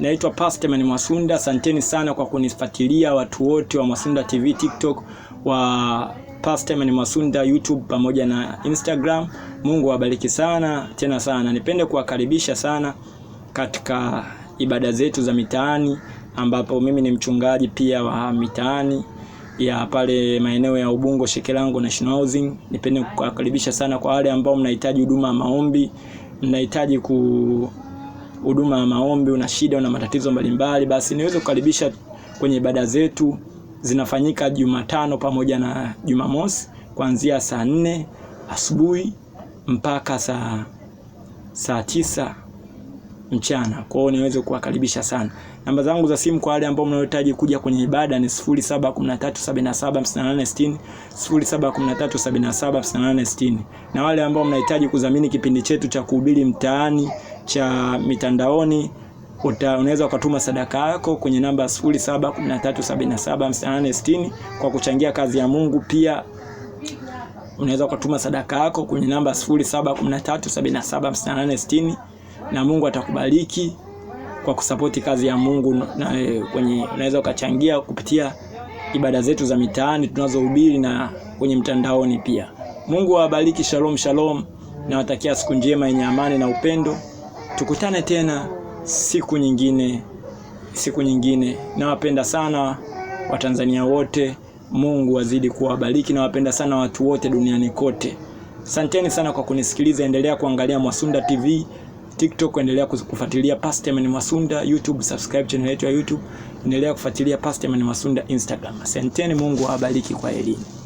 naitwa Pasteman Mwasunda. Asanteni sana kwa kunifuatilia watu wote wa Mwasunda TV, TikTok wa Pasteman Mwasunda, YouTube pamoja na Instagram. Mungu awabariki sana tena sana. Nipende kuwakaribisha sana katika ibada zetu za mitaani, ambapo mimi ni mchungaji pia wa mitaani ya pale maeneo ya Ubungo Shekelango National Housing. Nipende kuwakaribisha sana kwa wale ambao mnahitaji huduma ya maombi, mnahitaji ku huduma ya maombi, una shida, una matatizo mbalimbali, basi niweze kukaribisha kwenye ibada zetu. Zinafanyika Jumatano pamoja na Jumamosi kuanzia saa nne asubuhi mpaka saa saa tisa mchana. Kwa hiyo niweze kuwakaribisha sana. Namba zangu za simu kwa wale ambao mnahitaji kuja kwenye ibada ni 0713775860, 0713775860. Na wale ambao mnahitaji kudhamini kipindi chetu cha kuhubiri mtaani cha mitandaoni unaweza ukatuma sadaka yako kwenye namba 0713775860 kwa kuchangia kazi ya Mungu. Pia unaweza ukatuma sadaka yako kwenye namba 0713775860 na Mungu atakubariki kwa kusapoti kazi ya Mungu na, e, kwenye unaweza ukachangia kupitia ibada zetu za mitaani tunazohubiri na kwenye mtandaoni pia. Mungu awabariki. Shalom, shalom. Nawatakia siku njema yenye amani na upendo. Tukutane tena siku nyingine, siku nyingine. Nawapenda sana Watanzania wote. Mungu azidi kuwabariki. Nawapenda sana watu wote duniani kote. Asanteni sana kwa kunisikiliza. Endelea kuangalia Mwasunda TV. TikTok endelea kufuatilia Emmanuel Masunda, YouTube subscribe channel yetu ya YouTube, endelea kufuatilia Emmanuel Masunda Instagram. Asanteni, Mungu awabariki kwa elimu.